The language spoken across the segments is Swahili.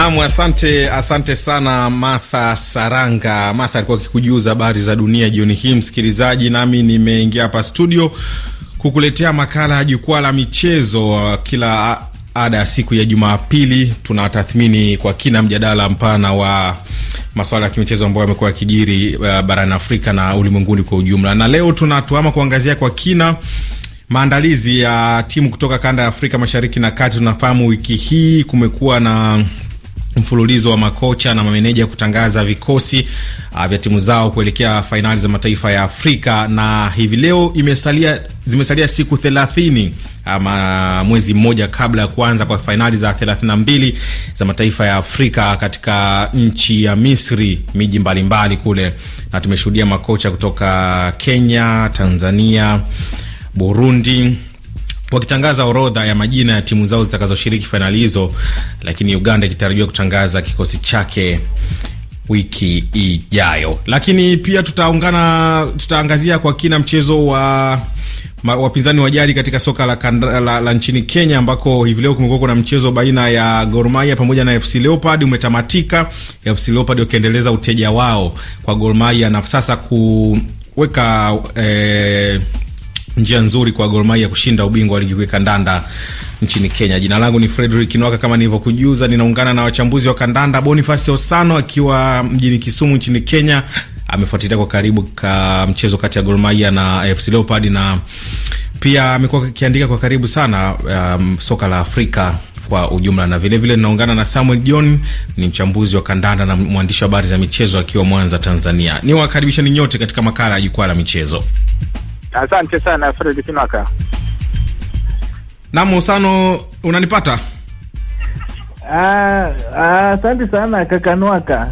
Nam, asante, asante sana Martha Saranga. Martha alikuwa akikujuza habari za dunia jioni hii, msikilizaji, nami nimeingia hapa studio kukuletea makala ya jukwaa la michezo. Uh, kila ada ya siku ya Jumapili tunatathmini kwa kina mjadala mpana wa masuala ya kimichezo ambayo yamekuwa yakijiri uh, barani Afrika na ulimwenguni kwa ujumla, na leo tunatuama kuangazia kwa kina maandalizi ya timu kutoka kanda ya Afrika Mashariki na Kati. Tunafahamu wiki hii kumekuwa na mfululizo wa makocha na mameneja kutangaza vikosi uh, vya timu zao kuelekea fainali za mataifa ya Afrika na hivi leo imesalia, zimesalia siku thelathini ama uh, mwezi mmoja kabla ya kuanza kwa fainali za mbili za mataifa ya Afrika katika nchi ya Misri, miji mbalimbali kule, na tumeshuhudia makocha kutoka Kenya, Tanzania, Burundi wakitangaza orodha ya majina ya timu zao zitakazoshiriki fainali hizo, lakini Uganda ikitarajiwa kutangaza kikosi chake wiki ijayo. Lakini pia tutaungana, tutaangazia kwa kina mchezo wa wapinzani wa jadi katika soka la, kanda, la, la nchini Kenya ambako hivi leo kumekuwa kuna mchezo baina ya Gor Mahia pamoja na FC Leopard umetamatika, FC Leopard wakiendeleza uteja wao kwa Gor Mahia na sasa kuweka eh, njia nzuri kwa Gor Mahia kushinda ubingwa wa ligi kuu ya kandanda nchini Kenya. Jina langu ni Frederick Nwaka, kama nilivyokujuza, ninaungana na wachambuzi wa kandanda. Boniface Osano akiwa mjini Kisumu nchini Kenya amefuatilia kwa karibu ka mchezo kati ya Gor Mahia na AFC Leopard na pia amekuwa akiandika kwa karibu sana um, soka la Afrika kwa ujumla, na vilevile ninaungana na Samuel John, ni mchambuzi wa kandanda na mwandishi wa habari za michezo akiwa Mwanza, Tanzania. Niwakaribisheni nyote katika makala ya jukwaa la michezo. Asante sana Fred Kinaka. Naam, Usano, unanipata? Ah, ah, asante sana Kakanwaka.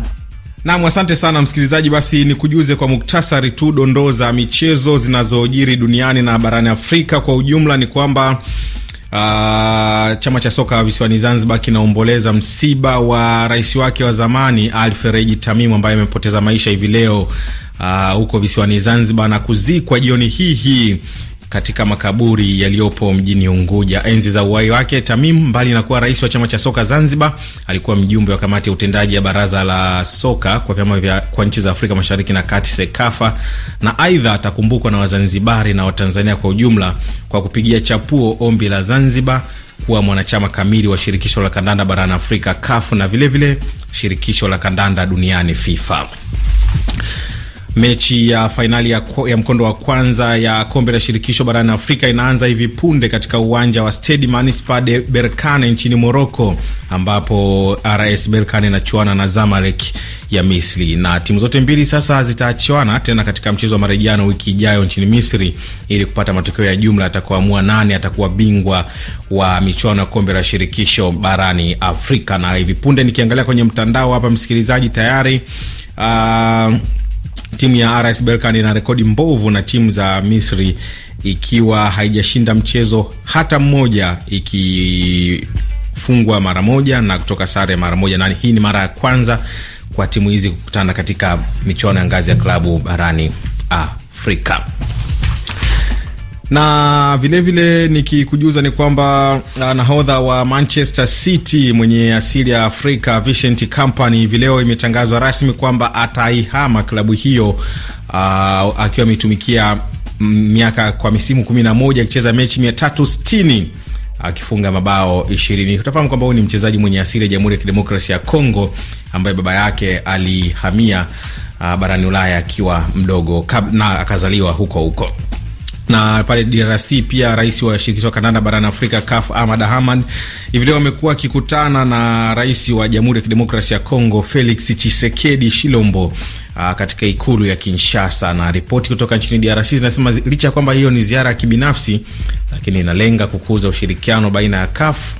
Naam, asante sana msikilizaji. Basi nikujuze kwa muktasari tu dondoo za michezo zinazojiri duniani na barani Afrika kwa ujumla ni kwamba Uh, chama cha soka visiwani Zanzibar kinaomboleza msiba wa rais wake wa zamani Alfereji Tamimu ambaye amepoteza maisha hivi leo ah, huko uh, visiwani Zanzibar na kuzikwa jioni hii hii katika makaburi yaliyopo mjini Unguja. Enzi za uhai wake, Tamim mbali na kuwa rais wa chama cha soka Zanzibar, alikuwa mjumbe wa kamati ya utendaji ya baraza la soka kwa vyama vya kwa nchi za Afrika Mashariki na Kati, SEKAFA, na aidha atakumbukwa na Wazanzibari na Watanzania kwa ujumla kwa kupigia chapuo ombi la Zanzibar kuwa mwanachama kamili wa shirikisho la kandanda barani Afrika, CAF, na vilevile vile shirikisho la kandanda duniani FIFA. Mechi ya fainali ya, ya mkondo wa kwanza ya kombe la shirikisho barani Afrika inaanza hivi punde katika uwanja wa Stade de Berkane nchini Morocco, ambapo RS Berkane inachuana na Zamalek ya Misri, na timu zote mbili sasa zitachuana tena katika mchezo wa marejiano wiki ijayo nchini Misri ili kupata matokeo ya jumla atakuamua nani atakuwa bingwa wa michuano ya kombe la shirikisho barani Afrika. Na hivi punde nikiangalia kwenye mtandao hapa, msikilizaji, tayari uh, Timu ya RS Berkane ina rekodi mbovu na timu za Misri ikiwa haijashinda mchezo hata mmoja ikifungwa mara moja na kutoka sare mara moja, na hii ni mara ya kwanza kwa timu hizi kukutana katika michuano ya ngazi ya klabu barani Afrika na vilevile nikikujuza ni kwamba uh, nahodha wa Manchester City mwenye asili ya Afrika Vincent Kompany hivi leo imetangazwa rasmi kwamba ataihama klabu hiyo uh, akiwa ametumikia mm, miaka kwa misimu 11 akicheza mechi 360 akifunga mabao 20. Utafahamu kwamba huyu ni mchezaji mwenye asili ya Jamhuri ya Kidemokrasia ya Kongo ambaye baba yake alihamia uh, barani Ulaya akiwa mdogo na akazaliwa huko huko. Na pale DRC pia rais wa shirikisho wa kandanda barani Afrika CAF Ahmad Ahmad hivi leo amekuwa akikutana na rais wa Jamhuri ya Kidemokrasia ya Kongo Felix Tshisekedi Shilombo aa, ah, katika ikulu ya Kinshasa. Na ripoti kutoka nchini DRC zinasema licha ya kwamba hiyo ni ziara ya kibinafsi, lakini inalenga kukuza ushirikiano baina ya CAF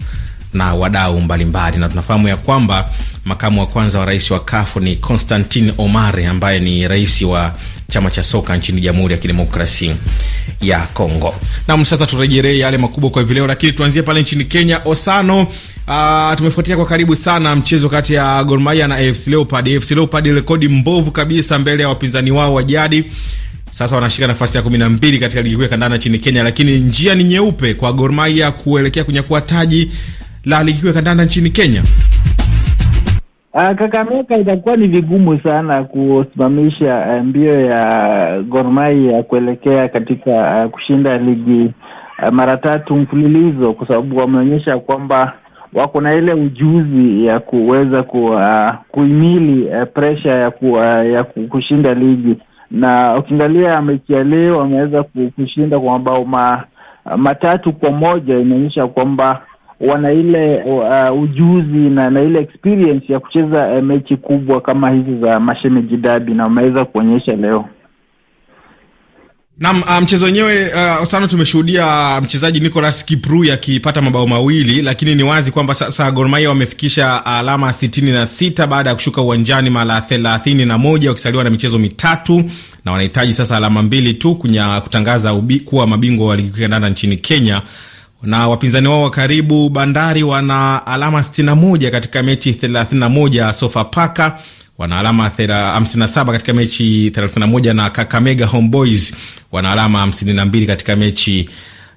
na wadau mbalimbali, na tunafahamu ya kwamba makamu wa kwanza wa rais wa CAF ni Constantine Omari ambaye ni rais wa chama cha soka nchini Jamhuri ya Kidemokrasia ya Kongo. Nam, sasa turejelee yale makubwa kwa vileo, lakini tuanzie pale nchini Kenya. Osano, uh, tumefuatia kwa karibu sana mchezo kati ya Gor Mahia na AFC Leopards. AFC Leopards rekodi mbovu kabisa mbele ya wapinzani wao wa jadi sasa wanashika nafasi ya kumi na mbili katika ligi kuu ya kandanda nchini Kenya, lakini njia ni nyeupe kwa Gor Mahia kuelekea kunyakua taji la ligi kuu ya kandanda nchini Kenya. Uh, Kakamega itakuwa ni vigumu sana kusimamisha eh, mbio ya Gor Mahia kuelekea katika uh, kushinda ligi uh, mara tatu mfululizo kwa sababu wameonyesha kwamba wako na ile ujuzi ya kuweza ku, uh, ah, kuimili uh, presha ya, ku, uh, ya kushinda ligi, na ukiangalia mechi ya leo wameweza kushinda kwa mabao ma, matatu kwa moja, inaonyesha kwamba wana ile uh, ujuzi na, na ile experience ya kucheza uh, mechi kubwa kama hizi za mashemeji dabi na wameweza kuonyesha leo. nam ah, mchezo wenyewe uh, sana tumeshuhudia mchezaji Nicolas Kipru akipata mabao mawili, lakini ni wazi kwamba sasa gormaia wamefikisha alama sitini na sita baada ya kushuka uwanjani mara thelathini na moja wakisaliwa na michezo mitatu na wanahitaji sasa alama mbili tu kunya kutangaza ubi, kuwa mabingwa wa ligi nchini Kenya na wapinzani wao wa karibu Bandari wana alama 61 katika mechi 31, Sofapaka wana alama 57 katika mechi 31 na Kakamega Homeboys wana alama 52 katika mechi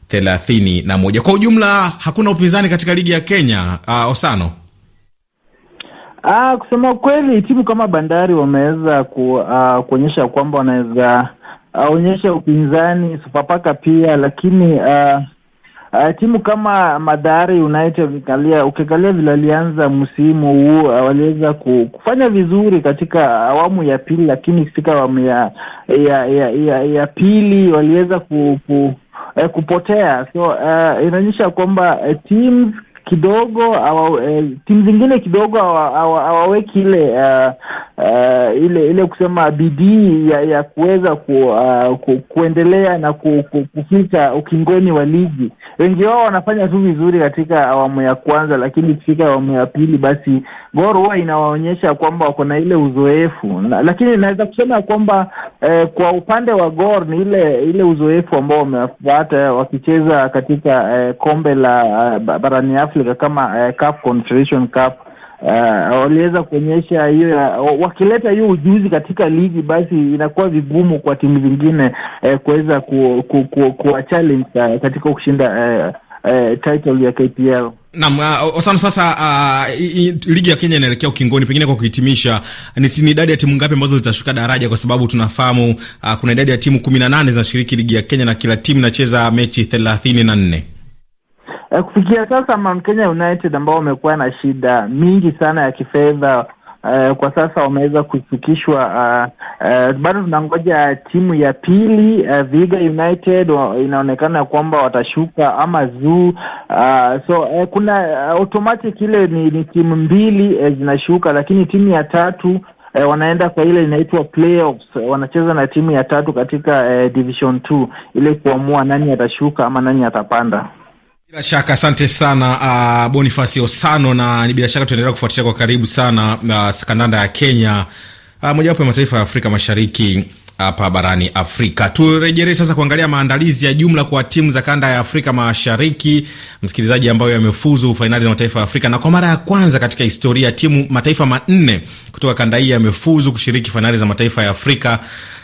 31. Kwa ujumla hakuna upinzani katika ligi ya Kenya. Uh, Osano Ah, kusema kweli timu kama Bandari wameweza ku, uh, kuonyesha kwamba wanaweza uh, onyesha upinzani Sofapaka pia, lakini uh, Uh, timu kama Madhari United ukiangalia ukiangalia vile alianza msimu huu uh, waliweza kufanya vizuri katika awamu ya pili, lakini katika awamu ya ya, ya, ya, ya pili waliweza ku, ku, eh, kupotea so uh, inaonyesha kwamba uh, teams kidogo awa, eh, timu zingine kidogo hawaweki awa, ile uh, uh, ile ile kusema bidii ya, ya kuweza ku, uh, ku, kuendelea na ku, ku, kufika ukingoni wa ligi. Wengi wao wanafanya tu vizuri katika awamu ya kwanza, lakini ikifika awamu ya pili, basi Gor huwa inawaonyesha kwamba wako na ile uzoefu na, lakini naweza kusema kwamba eh, kwa upande wa Gor ni ile ile uzoefu ambao wamepata wakicheza katika eh, kombe la barani Afrika Afrika kama uh, eh, CAF Confederation Cup uh, waliweza kuonyesha hiyo uh, wakileta hiyo ujuzi katika ligi, basi inakuwa vigumu kwa timu zingine uh, kuweza ku, ku, ku, kuwa challenge uh, katika kushinda uh, uh, title ya KPL. Naam, uh, ah, Osano, sasa uh, i, i, ligi ya Kenya inaelekea ukingoni. Pengine kwa kuhitimisha, ni, idadi ya timu ngapi ambazo zitashuka daraja? Kwa sababu tunafahamu uh, kuna idadi ya timu 18 zinashiriki ligi ya Kenya na kila timu inacheza mechi 34. na nne. Eh, kufikia sasa Mount Kenya United ambao wamekuwa na shida mingi sana ya kifedha Uh, kwa sasa wameweza kufikishwa uh, eh, uh, bado tunangoja timu ya pili uh, Viga United inaonekana kwamba watashuka ama zoo uh, so uh, kuna uh, automatic ile ni, ni timu mbili uh, zinashuka, lakini timu ya tatu E, wanaenda kwa ile inaitwa playoffs. Wanacheza na timu ya tatu katika e, division 2 ili kuamua nani atashuka ama nani atapanda. Bila shaka asante sana uh, Bonifasi Osano, na ni bila shaka tunaendelea kufuatilia kwa karibu sana uh, kandanda ya Kenya uh, mojawapo ya mataifa ya Afrika Mashariki hapa barani Afrika. Turejelee sasa kuangalia maandalizi ya jumla kwa timu za kanda ya Afrika Mashariki, msikilizaji, ambayo yamefuzu fainali za mataifa ya Afrika, na kwa mara ya kwanza katika historia timu mataifa manne kutoka kanda hii yamefuzu kushiriki fainali za mataifa ya Afrika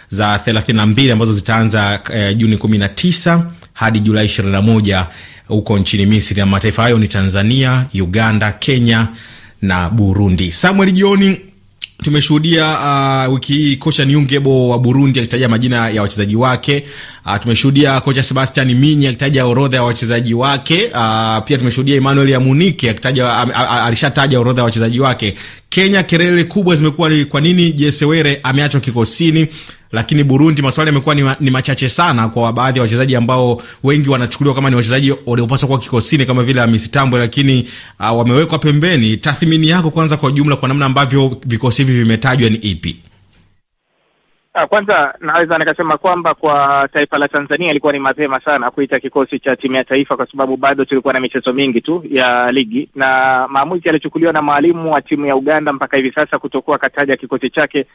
za 32 ambazo zitaanza eh, Juni 19 hadi Julai 21 huko nchini Misri, na mataifa hayo ni Tanzania, Uganda, Kenya na Burundi. Samuel jioni tumeshuhudia uh, wiki hii kocha Niungebo wa Burundi akitaja majina ya wachezaji wake Uh, tumeshuhudia kocha Sebastian Minyi akitaja orodha ya wachezaji wake. Uh, pia tumeshuhudia Emmanuel Amunike akitaja alishataja orodha ya wachezaji wake. Kenya, kelele kubwa zimekuwa ni kwa nini Jesewere ameachwa kikosini, lakini Burundi maswali yamekuwa ni, ma, ni machache sana kwa baadhi ya wachezaji ambao wengi wanachukuliwa kama ni wachezaji waliopaswa kuwa kikosini kama vile Amitambo, lakini uh, wamewekwa pembeni. Tathmini yako kwanza kwa jumla kwa namna ambavyo vikosi hivi vimetajwa ni ipi? Ah, kwanza naweza nikasema kwamba kwa taifa la Tanzania ilikuwa ni mapema sana kuita kikosi cha timu ya taifa, kwa sababu bado tulikuwa na michezo mingi tu ya ligi, na maamuzi yalichukuliwa na mwalimu wa timu ya Uganda mpaka hivi sasa kutokuwa kataja kikosi chake,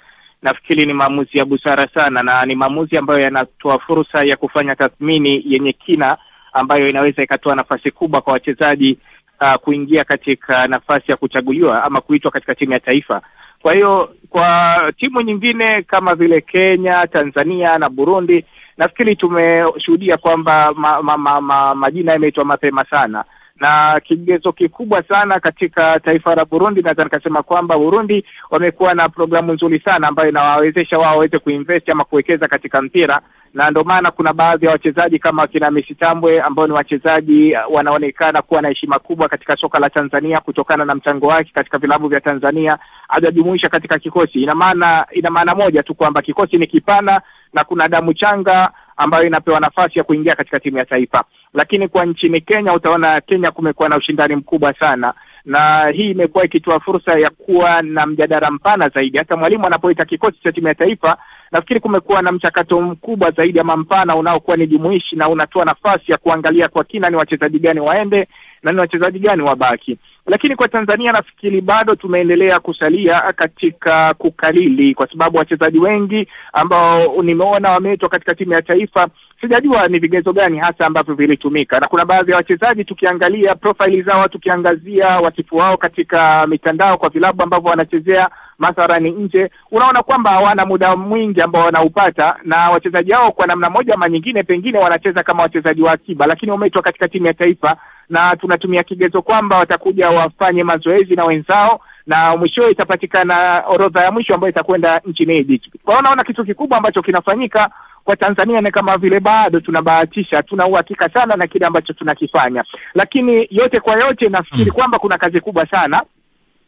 nafikiri ni maamuzi ya busara sana, na ni maamuzi ambayo yanatoa fursa ya kufanya tathmini yenye kina ambayo inaweza ikatoa nafasi kubwa kwa wachezaji uh, kuingia katika nafasi ya kuchaguliwa ama kuitwa katika timu ya taifa. Kwa hiyo kwa timu nyingine kama vile Kenya, Tanzania na Burundi, nafikiri tumeshuhudia kwamba ma, ma, ma, ma, majina yameitwa mapema sana na kigezo kikubwa sana katika taifa la Burundi. Naweza nikasema kwamba Burundi wamekuwa na programu nzuri sana ambayo inawawezesha wao waweze kuinvest ama kuwekeza katika mpira na ndio maana kuna baadhi ya wachezaji kama kina Messi Tambwe ambao ni wachezaji uh, wanaonekana kuwa na heshima kubwa katika soka la Tanzania kutokana na mchango wake katika vilabu vya Tanzania, hajajumuisha katika kikosi. Ina maana ina maana moja tu kwamba kikosi ni kipana na kuna damu changa ambayo inapewa nafasi ya kuingia katika timu ya taifa. Lakini kwa nchini Kenya, utaona Kenya kumekuwa na ushindani mkubwa sana, na hii imekuwa ikitoa fursa ya kuwa na mjadala mpana zaidi. Hata mwalimu anapoita kikosi cha timu ya taifa, nafikiri kumekuwa na mchakato mkubwa zaidi ama mpana unaokuwa ni jumuishi na unatoa nafasi ya kuangalia kwa kina ni wachezaji gani waende na ni wachezaji gani wabaki lakini kwa Tanzania nafikiri bado tumeendelea kusalia katika kukalili, kwa sababu wachezaji wengi ambao nimeona wameitwa katika timu ya taifa sijajua ni vigezo gani hasa ambavyo vilitumika, na kuna baadhi ya wachezaji tukiangalia profile zao, tukiangazia wasifu wao katika mitandao kwa vilabu ambavyo wanachezea mathalani nje, unaona kwamba hawana muda mwingi ambao wanaupata, na wachezaji hao kwa namna moja ama nyingine, pengine wanacheza kama wachezaji wa akiba, lakini wameitwa katika timu ya taifa na tunatumia kigezo kwamba watakuja wafanye mazoezi na wenzao na mwishowe itapatikana orodha ya mwisho ambayo itakwenda nchini Egypt. Kwa hiyo naona kitu kikubwa ambacho kinafanyika kwa Tanzania ni kama vile bado tunabahatisha, hatuna uhakika sana na kile ambacho tunakifanya, lakini yote kwa yote nafikiri mm, kwamba kuna kazi kubwa sana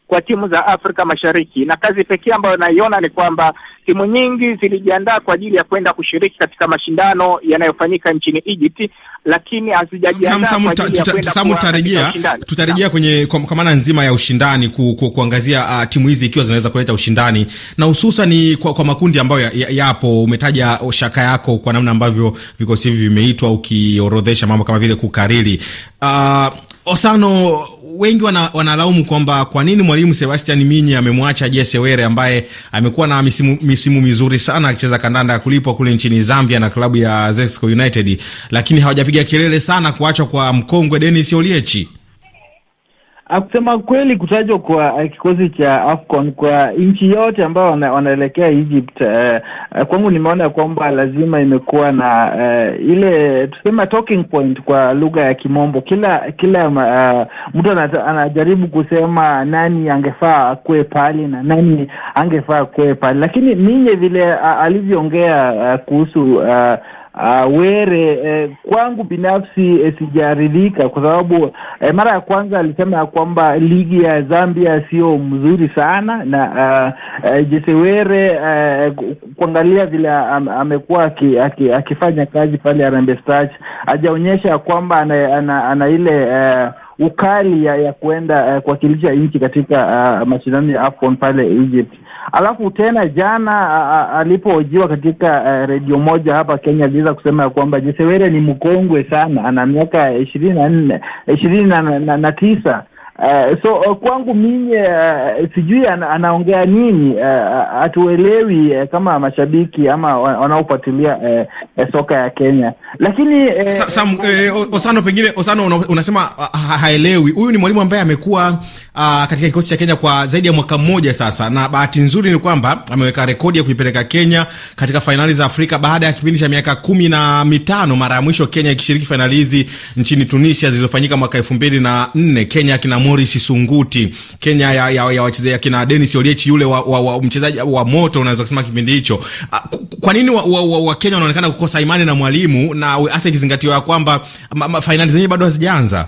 kwa timu za Afrika Mashariki, na kazi pekee ambayo naiona ni kwamba timu nyingi zilijiandaa kwa ajili ya kwenda kushiriki katika mashindano yanayofanyika nchini Egypt, lakini hazijajiandaa kwa ajili ya kwenda tutarejea tutarejea kwenye kwa maana nzima ya ushindani ku, ku, kuangazia uh, timu hizi ikiwa zinaweza kuleta ushindani na hususan ni kwa, kwa makundi ambayo yapo ya, ya umetaja shaka yako kwa namna ambavyo vikosi hivi vimeitwa ukiorodhesha mambo kama vile kukariri uh, Osano wengi wanalaumu wana kwamba kwa nini mwalimu Sebastian Minyi amemwacha Jesse Were ambaye amekuwa na misimu, misimu mizuri sana akicheza kandanda ya kulipwa kule nchini Zambia na klabu ya Zesco United, lakini hawajapiga kelele sana kuachwa kwa mkongwe Dennis Oliechi. Kusema kweli kutajwa kwa eh, kikosi cha AFCON kwa nchi yote ambayo wana, wanaelekea Egypt eh, eh kwangu nimeona kwamba lazima imekuwa na eh, ile tusema talking point kwa lugha ya Kimombo. Kila kila uh, mtu anajaribu kusema nani angefaa kuwe pale na nani angefaa kuwe pale, lakini ninye vile alivyoongea uh, kuhusu uh, uh, Were eh, kwangu binafsi eh, sijaridhika kwa sababu eh, mara ya kwanza alisema ya kwamba ligi ya Zambia sio mzuri sana na uh, uh, Jesse Were eh, kuangalia vile am, amekuwa akifanya aki, kazi pale Harambee Stars hajaonyesha kwamba ana, ana, ana ile eh, ukali ya, ya kuenda uh, kuwakilisha nchi katika uh, mashindano ya AFCON pale Egypt Alafu tena jana alipohojiwa katika uh, redio moja hapa Kenya aliweza kusema ya kwamba jesewere ni mkongwe sana, ana miaka ishirini na nne ishirini na tisa. Uh, so uh, kwangu mimi uh, sijui an, anaongea nini hatuelewi, uh, uh, kama mashabiki ama wanaofuatilia uh, uh, soka ya Kenya, lakini uh, Sa, Sam, uh, Osano pengine Osano unasema haelewi. Huyu ni mwalimu ambaye amekuwa uh, katika kikosi cha Kenya kwa zaidi ya mwaka mmoja sasa, na bahati nzuri ni kwamba ameweka rekodi ya kuipeleka Kenya katika fainali za Afrika baada ya kipindi cha miaka kumi na mitano, mara ya mwisho Kenya ikishiriki fainali hizi nchini Tunisia zilizofanyika mwaka elfu mbili na nne. Kenya akina Morris Sunguti, Kenya ya, ya, ya wachezaji akina Dennis Oliech yule wa, wa, wa mchezaji wa moto, unaweza kusema kipindi hicho. Ah, kwa nini wa, wa, wa, wa wanaonekana kukosa imani na mwalimu na hasa ikizingatiwa ya kwamba fainali zenyewe bado hazijaanza?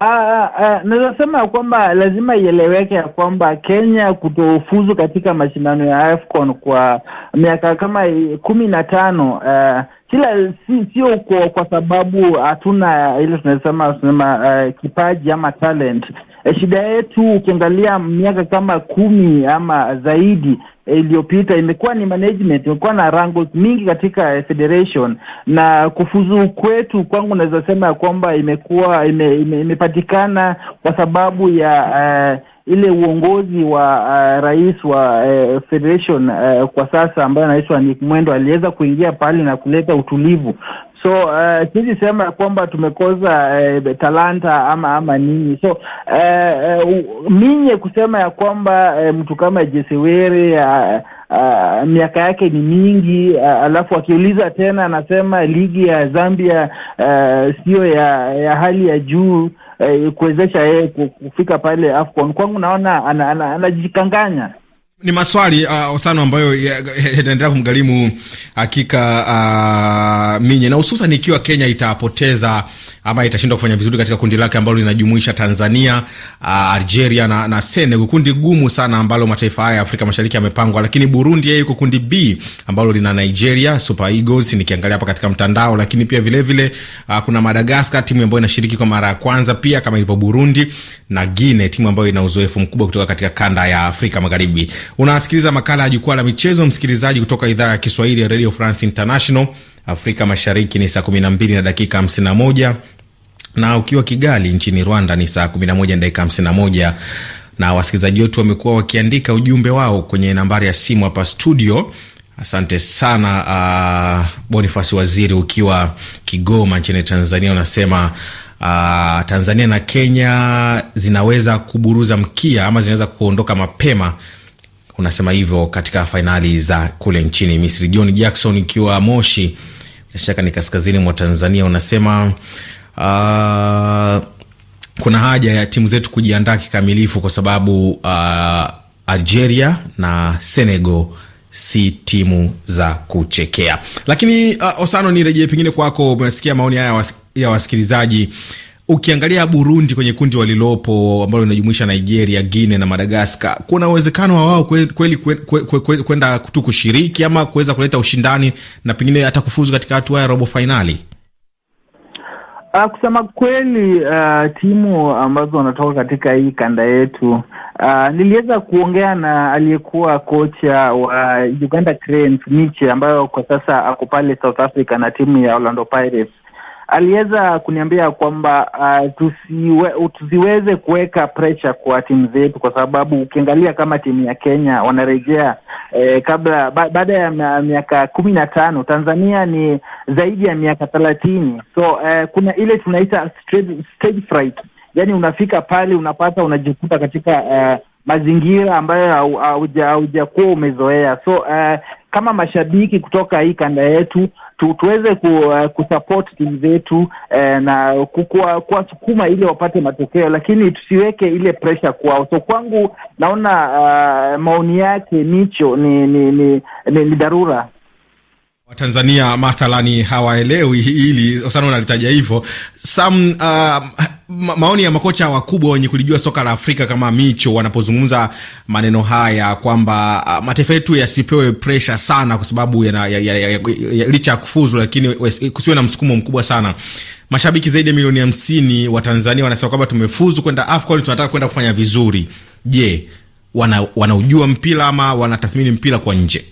Ah, ah, ah, naweza sema ya kwamba lazima ieleweke ya kwamba Kenya kutofuzu katika mashindano ya AFCON kwa miaka kama kumi na tano eh, kila sio kwa, kwa sababu hatuna ile tunasema tunasema uh, kipaji ama talent E, shida yetu ukiangalia miaka kama kumi ama zaidi eh, iliyopita imekuwa ni management, imekuwa na rango mingi katika eh, federation na kufuzu kwetu, kwangu naweza sema ya kwamba imekuwa ime, ime, imepatikana kwa sababu ya uh, ile uongozi wa uh, rais wa uh, federation uh, kwa sasa ambaye anaitwa Nick Mwendo aliweza kuingia pale na kuleta utulivu So uh, sema ya kwamba tumekosa uh, talanta ama ama nini. So uh, eh, uh, minye kusema ya kwamba uh, mtu kama jesewere uh, Uh, miaka yake ni mingi uh, alafu akiuliza tena anasema ligi ya Zambia uh, siyo ya, ya hali ya juu uh, kuwezesha yeye kufika pale AFCON. Kwangu naona anajikanganya ana, ana, ana, ni maswali uh, sana ambayo uh, yataendelea kumgharimu hakika uh, Minye na hususan ikiwa Kenya itapoteza ama itashindwa kufanya vizuri katika kundi lake ambalo linajumuisha Tanzania, uh, Algeria na, na Senegal, kundi gumu sana ambalo mataifa haya ya Afrika Mashariki yamepangwa. Lakini Burundi yeye yuko kundi B ambalo lina Nigeria, Super Eagles nikiangalia hapa katika mtandao, lakini pia vile vile uh, kuna Madagascar, timu ambayo inashiriki kwa mara ya kwanza pia kama ilivyo Burundi, na Guinea, timu ambayo ina uzoefu mkubwa kutoka katika kanda ya Afrika Magharibi. Unasikiliza makala ya jukwaa la michezo, msikilizaji, kutoka idhaa ya Kiswahili ya Radio France International. Afrika Mashariki ni saa 12 na dakika 51, na ukiwa Kigali nchini Rwanda ni saa kumi na dakika 51 na wasikilizaji wetu wamekuwa wakiandika ujumbe wao kwenye nambari ya simu hapa studio. Asante sana uh, Bonifasi Waziri ukiwa Kigoma nchini Tanzania unasema uh, Tanzania na Kenya zinaweza kuburuza mkia ama zinaweza kuondoka mapema unasema hivyo katika fainali za kule nchini Misri. John Jackson ikiwa Moshi, bila shaka ni kaskazini mwa Tanzania, unasema uh, kuna haja ya timu zetu kujiandaa kikamilifu kwa sababu uh, Algeria na Senegal si timu za kuchekea. Lakini uh, Osano, nirejee pengine kwako. Umesikia maoni haya ya wasikilizaji ukiangalia Burundi kwenye kundi walilopo ambalo linajumuisha Nigeria, Guine na madagascar kuna uwezekano wa wao kweli kwenda tu kushiriki ama kuweza kuleta ushindani na pengine hata kufuzu katika hatua ya robo fainali? Uh, ah, kusema kweli uh, timu ambazo wanatoka katika hii kanda yetu uh, niliweza kuongea na aliyekuwa kocha wa Uganda Cranes Miche ambayo kwa sasa ako pale South Africa na timu ya Orlando Pirates aliweza kuniambia kwamba uh, tusiwe, tusiweze kuweka presha kwa timu zetu, kwa sababu ukiangalia kama timu ya Kenya wanarejea eh, kabla ba, baada ya miaka kumi na tano. Tanzania ni zaidi ya miaka thelathini, so eh, kuna ile tunaita stage fright, unafika pale unapata unajikuta katika eh, mazingira ambayo haujakuwa umezoea so uh, kama mashabiki kutoka hii kanda yetu tu, tuweze ku, uh, kusupport timu zetu eh, na kuwasukuma ili wapate matokeo, lakini tusiweke ile pressure kwao. So kwangu naona uh, maoni yake Micho ni ni, ni, ni, ni dharura. Watanzania mathalani hawaelewi hili sana, unalitaja hivyo sam uh, maoni ya makocha wakubwa wenye kulijua soka la Afrika kama Micho wanapozungumza maneno haya kwamba uh, mataifa yetu yasipewe presha sana, kwa sababu licha ya kufuzu, lakini kusiwe na msukumo mkubwa sana. Mashabiki zaidi ya milioni hamsini wa Tanzania wanasema kwamba tumefuzu kwenda AFCON, tunataka kwenda kufanya vizuri. Je, wanaujua wana mpira ama wanatathmini mpira kwa nje?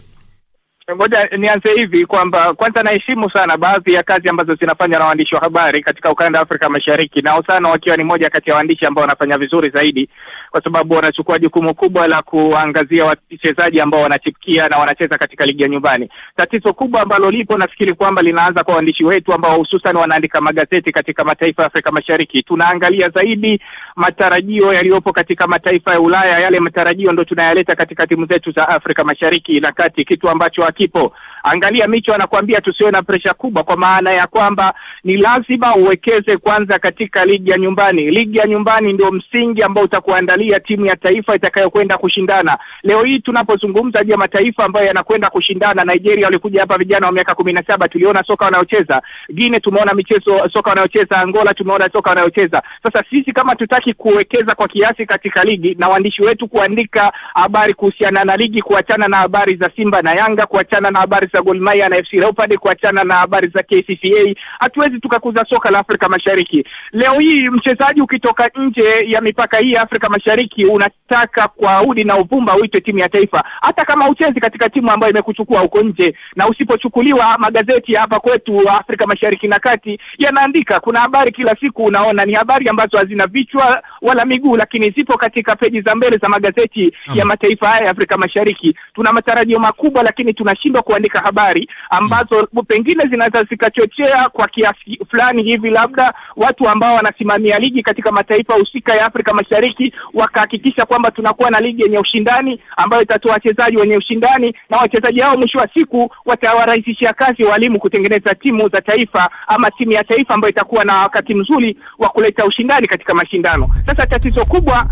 Ngoja nianze hivi kwamba kwanza naheshimu sana baadhi ya kazi ambazo zinafanywa na waandishi wa habari katika ukanda wa Afrika Mashariki, nao sana wakiwa ni moja kati ya waandishi ambao wanafanya vizuri zaidi, kwa sababu wanachukua jukumu kubwa la kuangazia wachezaji ambao wanachipukia na wanacheza katika ligi ya nyumbani. Tatizo kubwa ambalo lipo, nafikiri kwamba linaanza kwa waandishi wetu ambao hususan wanaandika magazeti katika mataifa ya Afrika Mashariki. Tunaangalia zaidi matarajio yaliyopo katika mataifa ya Ulaya, yale matarajio ndio tunayaleta katika timu zetu za Afrika Mashariki na kati, kitu ambacho kipo. Angalia, Micho anakuambia tusiwe na presha kubwa, kwa maana ya kwamba ni lazima uwekeze kwanza katika ligi ya nyumbani. Ligi ya nyumbani ndio msingi ambao utakuandalia timu ya taifa itakayokwenda kushindana. Leo hii tunapozungumza juu ya mataifa ambayo yanakwenda kushindana, Nigeria walikuja hapa vijana wa miaka kumi na saba, tuliona soka wanayocheza. Guinea tumeona michezo soka wanayocheza. Angola tumeona soka wanayocheza. Sasa sisi kama tutaki kuwekeza kwa kiasi katika ligi na waandishi wetu kuandika habari kuhusiana na ligi, kuachana na habari za Simba na Yanga, kwa kuachana na habari za Gor Mahia na FC Leopards, kuachana na habari za KCCA. Hatuwezi tukakuza soka la Afrika Mashariki. Leo hii mchezaji ukitoka nje ya mipaka hii ya Afrika Mashariki unataka kwa udi na uvumba uitwe timu ya taifa, hata kama uchezi katika timu ambayo imekuchukua huko nje. Na usipochukuliwa, magazeti ya hapa kwetu Afrika Mashariki na Kati yanaandika, kuna habari kila siku unaona ni habari ambazo hazina vichwa wala miguu, lakini zipo katika peji za mbele za magazeti Am. ya mataifa haya ya Afrika Mashariki. Tuna matarajio makubwa, lakini tuna unashindwa kuandika habari ambazo pengine zinaweza zikachochea kwa kiasi fulani hivi, labda watu ambao wanasimamia ligi katika mataifa husika ya Afrika Mashariki wakahakikisha kwamba tunakuwa na ligi yenye ushindani ambayo itatoa wachezaji wenye ushindani, na wachezaji hao mwisho wa siku watawarahisishia kazi walimu kutengeneza timu za taifa ama timu ya taifa ambayo itakuwa na wakati mzuri wa kuleta ushindani katika mashindano. Sasa tatizo kubwa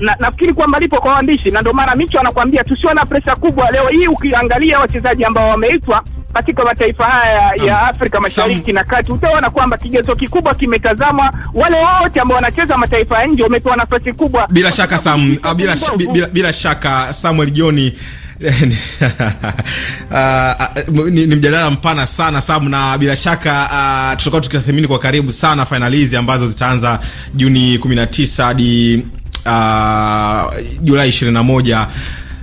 na, nafikiri kwamba lipo kwa waandishi, na ndio maana Micho anakuambia tusiwe na presha kubwa leo hii. Ukiangalia wachezaji ambao wameitwa katika mataifa haya um, ya Afrika Mashariki na Kati, utaona kwamba kigezo kikubwa kimetazamwa. Wale wote ambao wanacheza mataifa ya nje wamepewa nafasi kubwa, bila shaka Sam, ah, bila, bila, bila shaka Samuel Joni uh, ni, ni mjadala mpana sana Sam, na bila shaka uh, tutakuwa tukitathmini kwa karibu sana fainali hizi ambazo zitaanza Juni 19 hadi uh, Julai 21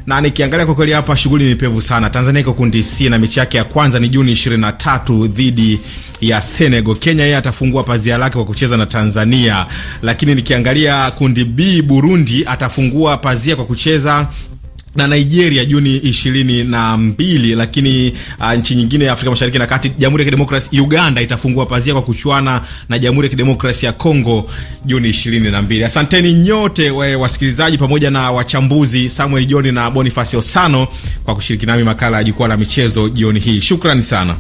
na nikiangalia kwa kweli hapa shughuli ni pevu sana. Tanzania iko kundi C na mechi yake ya kwanza ni Juni 23 dhidi ya Senegal. Kenya yeye atafungua pazia lake kwa kucheza na Tanzania, lakini nikiangalia kundi B, Burundi atafungua pazia kwa kucheza na Nigeria Juni ishirini na mbili, lakini uh, nchi nyingine ya Afrika Mashariki na Kati, Jamhuri ya Kidemokrasia Uganda itafungua pazia kwa kuchuana na Jamhuri ya Kidemokrasia ya Kongo Juni ishirini na mbili. Asanteni nyote we, wasikilizaji pamoja na wachambuzi Samuel John na Boniface Osano kwa kushiriki nami makala ya jukwaa la michezo jioni hii. Shukrani sana.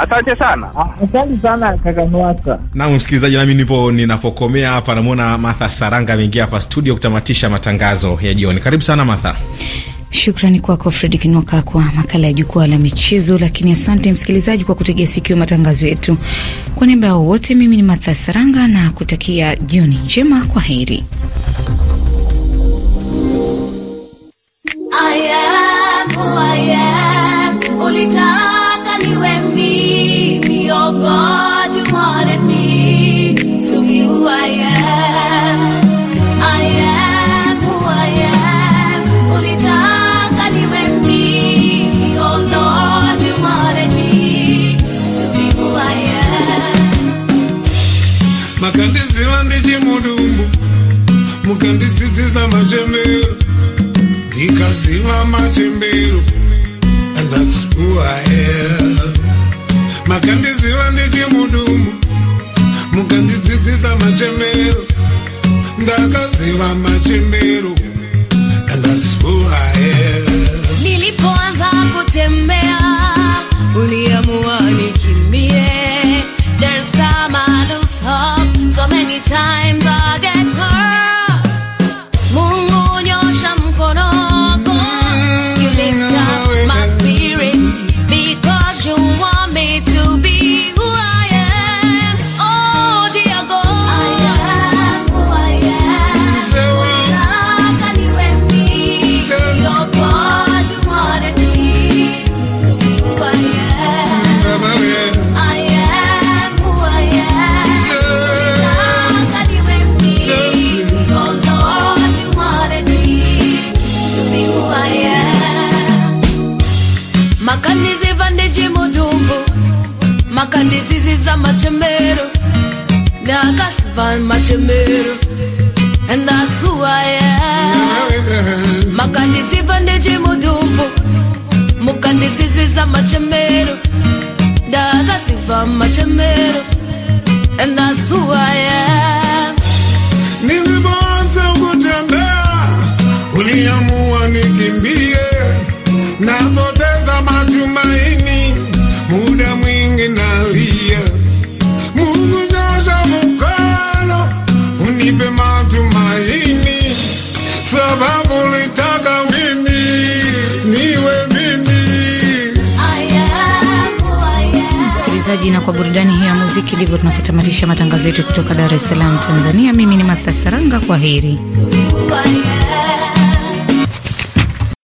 Asante sana, ah, asante sana kaka Mwaka. Na msikilizaji, nami nipo ninapokomea hapa, namwona Martha Saranga ameingia hapa studio kutamatisha matangazo ya jioni. Karibu sana Martha. Shukrani kwako Fredi Kinoka kwa makala ya jukwaa la michezo. Lakini asante msikilizaji kwa kutegea sikio matangazo yetu. Kwa niaba ya wote, mimi ni Matha Saranga na kutakia jioni njema. Kwa heri. I am, who I am, me, me, oh God, you wanted me to be who I am. mukandije mudumbu mukandidziziza machemero ndakasiva machemero and that's who I am. Nilipoanza kutembea uliamua nikimbie na moto na kwa burudani hiyo ya muziki, ndivyo tunavyotamatisha matangazo yetu kutoka Dar es Salaam, Tanzania. Mimi ni Martha Saranga, kwa heri.